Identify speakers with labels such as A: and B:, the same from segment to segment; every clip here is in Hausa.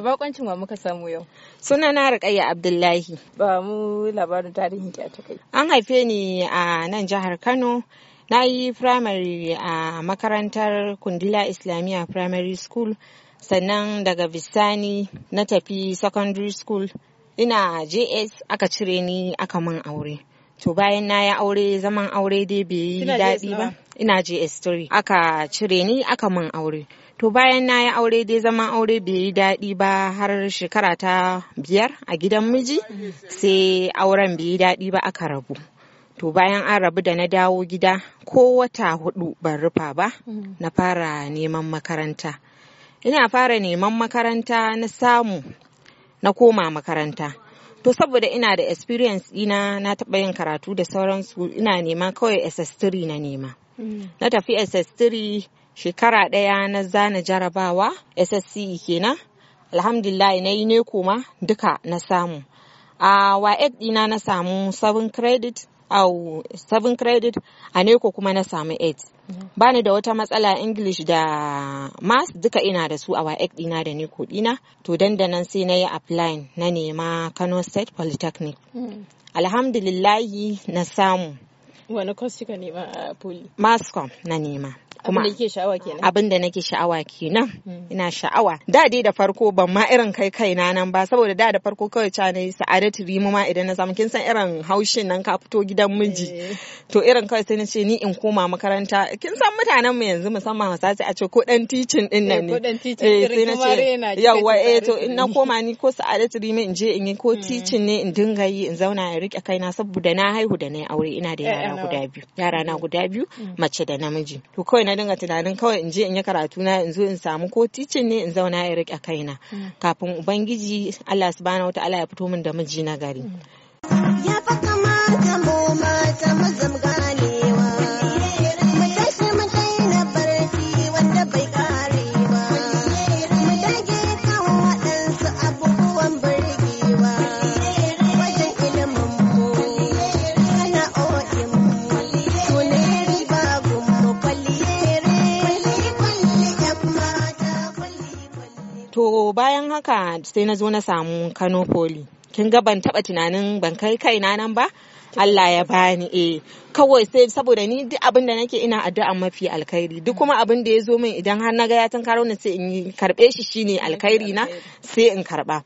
A: To bakoncin wa muka samu yau. Suna na rikayya Abdullahi. Ba mu labarin tarihin ki a An haife ni a nan jihar Kano. Na yi firamare a makarantar Kundila Islamiyya Primary School. Sannan daga bisani na tafi secondary school. Ina JS aka cire ni aka man aure. To bayan na yi aure zaman aure dai bai yi daɗi ba. ina je history aka cire ni aka mun aure to bayan na yi aure dai zaman aure bai yi daɗi ba har shekara ta biyar a gidan miji sai auren bai yi daɗi ba aka rabu to bayan an rabu da na dawo gida ko wata hudu ban rufa ba na fara neman makaranta ina fara neman makaranta na samu na koma makaranta to saboda ina da experience ina na taɓa yin karatu da sauransu ina nema kawai ss3 na nema na tafi ss3 shekara ɗaya na zana jarabawa ssce kenan alhamdulillah na yi ne kuma duka na samu a waec dina na samu 7 credit au 7 credit a neko kuma na samu 8 bani da wata matsala english da mass duka ina da su a waec dina da neko dina to dandanan sai na yi apply na nema kano state polytechnic hmm. alhamdulillahi na samu Wani kwas kika nema a poli? Mascom na nema. kuma abin da nake sha'awa kenan hmm. ina sha'awa da dai da farko ban ma irin kai kaina nan ba saboda da da farko kawai ca ne sa'adatu rimu ma idan na samu kin san irin haushin nan ka fito gidan miji eh. to irin kawai sai na ce ni in koma makaranta kin san mutanen mu yanzu musamman sace a ce ko dan teaching din nan ne eh, eh sai na ce yawa eh to in na koma ni ko sa'adatu rimu in je in yi ko hmm. teaching ne in dinga yi in zauna in rike kaina saboda na haihu da na aure ina da yara guda biyu yara na guda biyu hmm. mace da namiji to kawai na dinga tunanin kawai in je in yi karatu na in zo in samu ko ticin ne in zauna ya rike kaina mm. kafin ubangiji Allah subhanahu wataala ya fito min da miji na gari mm. ya haka sai na zo na samu Kano Poli. Kin ga ban taba tunanin ban kai kai na nan ba? Allah ya bani eh kawai sai saboda ni duk abin da nake ina addu'a mafi alkhairi duk kuma abin da ya zo min idan har na ga ya karo ni sai in karbe shi shine alkhairi na sai in karba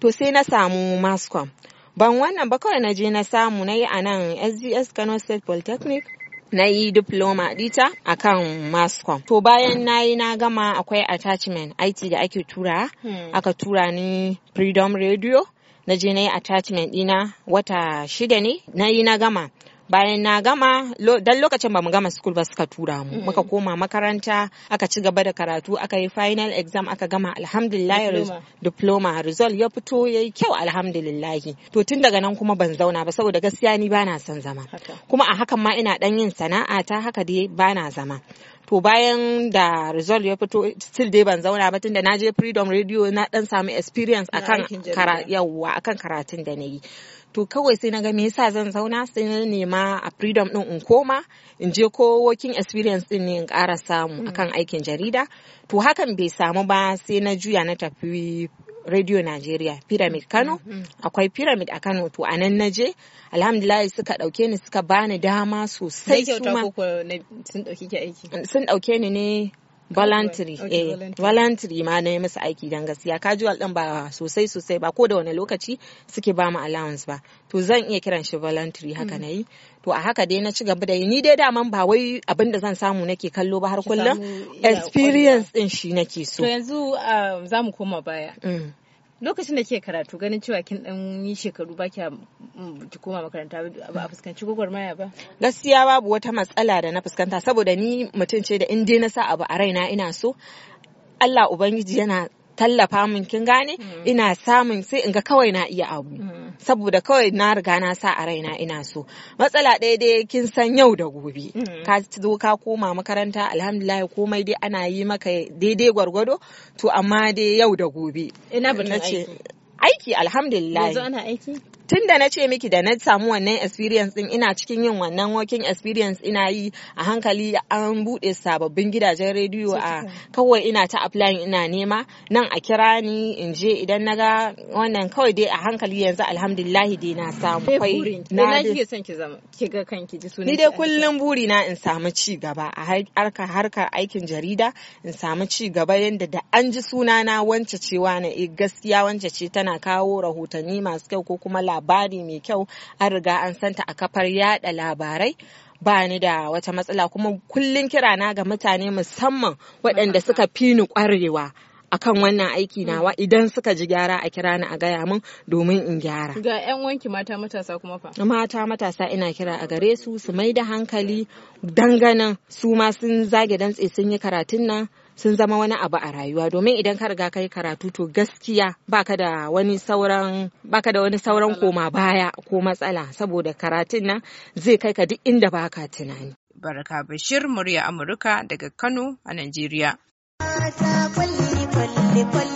A: to sai na samu mascom ban wannan ba kawai na je na samu na yi a nan sgs kano state polytechnic na yi diploma dita a kan mascom to bayan na yi na gama akwai attachment it da ake tura hmm. aka tura ni freedom radio na je na yi attachment dina wata shida ne na yi na gama bayan na gama dan lokacin ba mu gama school ba suka tura mu muka koma makaranta aka ci gaba da karatu aka yi final exam aka gama alhamdulillah diploma result ya fito yayi kyau alhamdulillah to tun daga nan kuma ban zauna ba saboda gaskiya ni bana son zama kuma a hakan ma ina dan yin sana'a ta haka dai bana zama to bayan da result ya fito still dai ban zauna ba tunda na je freedom radio na dan samu experience akan yawa akan karatun da na to kawai sai na ga me yasa zan zauna sai na nema a freedom din in koma in je ko working experience din ne in ƙara samu mm. akan aikin jarida to hakan bai samu ba sai na juya na tafi radio nigeria pyramid Kano mm, mm, mm. akwai pyramid a Kano to anan na je alhamdulillah suka dauke ni suka bani dama sosai sun dauke ni ne voluntary eh voluntary ma na yi musu aiki dan gaskiya casual din ba sosai sosai ba ko da wani lokaci suke ba mu allowance ba to zan iya kiran shi voluntary haka mm. na yi to a haka dai na ci gaba da yi ni dai daman ba wai abin da zan samu nake kallo ba har kullum experience din shi nake so to yanzu ah, za mu koma baya mm. lokacin da ke karatu ganin cewa kin dan yi shekaru ba mm, ki koma makaranta ba a fuskanci gwagwarmaya ba gaskiya babu wata matsala da na fuskanta saboda ni mutum ce da in dai na sa abu a raina ina so Allah ubangiji yana tallafa min kin gane mm. ina samun sai in ga kawai na iya abu mm. saboda kawai na riga na sa a raina ina so matsala ɗaya dai kin san yau da gobe mm-hmm. ka zo ka koma makaranta alhamdulillah komai dai ana yi maka daidai gwargwado to amma dai yau da gobe ina ce aiki alhamdulillah yanzu ana aiki tun da na ce miki da na samu wannan experience din ina cikin yin wannan working experience ina yi a hankali an bude sababbin gidajen rediyo a kawai ina ta applying ina nema nan a kira ni in je idan na ga wannan kawai dai a hankali yanzu alhamdulillahi dai na samu kai na kike son ki zama ki ga kanki ji sunan ni dai kullum buri na in samu ci gaba a harkar harkar aikin jarida in samu ci gaba yanda da an ji sunana wance cewa na eh gaskiya wance ce tana kawo rahotanni masu kyau ko kuma labari mai kyau an riga an santa a kafar yada labarai ba ni da wata matsala kuma kullun kirana ga mutane musamman waɗanda suka fi ni ƙwarewa akan wannan aiki mm. nawa idan suka ji gyara a kira ni a gaya min domin in gyara ga yan wanki mata matasa kuma fa mata matasa ina kira a gare su su mai da hankali danganan su ma sun zage dantse sun yi karatun nan sun zama wani abu a rayuwa domin idan ka riga kai karatu to gaskiya baka da wani sauran baka da wani sauran koma baya ko matsala saboda karatun nan zai kai ka duk inda baka tunani barka bashir murya amurka daga kano a najeriya después